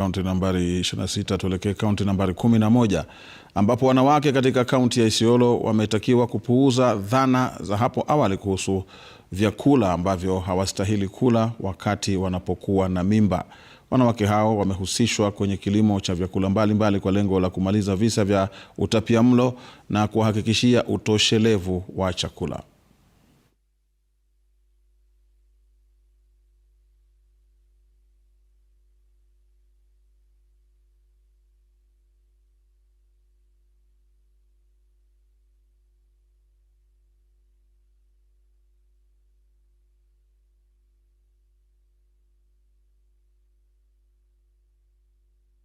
Kaunti nambari 26 tuelekee kaunti nambari 11 ambapo wanawake katika kaunti ya Isiolo wametakiwa kupuuza dhana za hapo awali kuhusu vyakula ambavyo hawastahili kula wakati wanapokuwa na mimba. Wanawake hao wamehusishwa kwenye kilimo cha vyakula mbalimbali mbali kwa lengo la kumaliza visa vya utapiamlo na kuhakikishia utoshelevu wa chakula.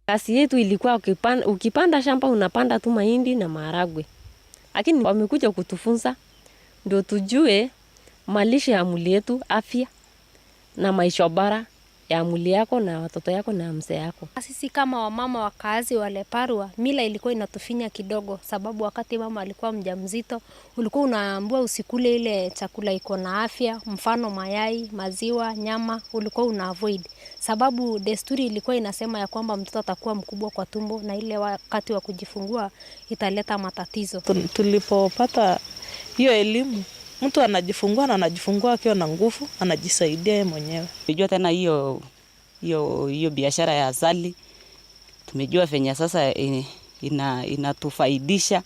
kasi yetu ilikuwa ukipanda, ukipanda shamba unapanda tu mahindi na maharagwe, lakini wamekuja kutufunza ndio tujue malisha ya mwili yetu, afya na maisha bora ya mwili yako na watoto yako na mzee yako. Sisi kama wamama wakaazi wa Leparwa, mila ilikuwa inatufinya kidogo, sababu wakati mama alikuwa mjamzito, ulikuwa unaambua usikule ile chakula iko na afya, mfano mayai, maziwa, nyama, ulikuwa una avoid sababu desturi ilikuwa inasema ya kwamba mtoto atakuwa mkubwa kwa tumbo na ile wakati wa kujifungua italeta matatizo. Tulipopata hiyo elimu mtu anajifungua na anajifungua akiwa na nguvu, anajisaidia yeye mwenyewe. Unajua tena hiyo hiyo hiyo biashara ya asali tumejua venye sasa ina inatufaidisha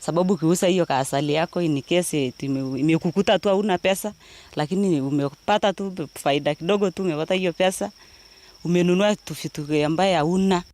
sababu ukiuza hiyo kaasali yako ni kesi imekukuta tu hauna pesa, lakini umepata tu faida kidogo tu, umepata hiyo pesa, umenunua tu vitu ambaye hauna.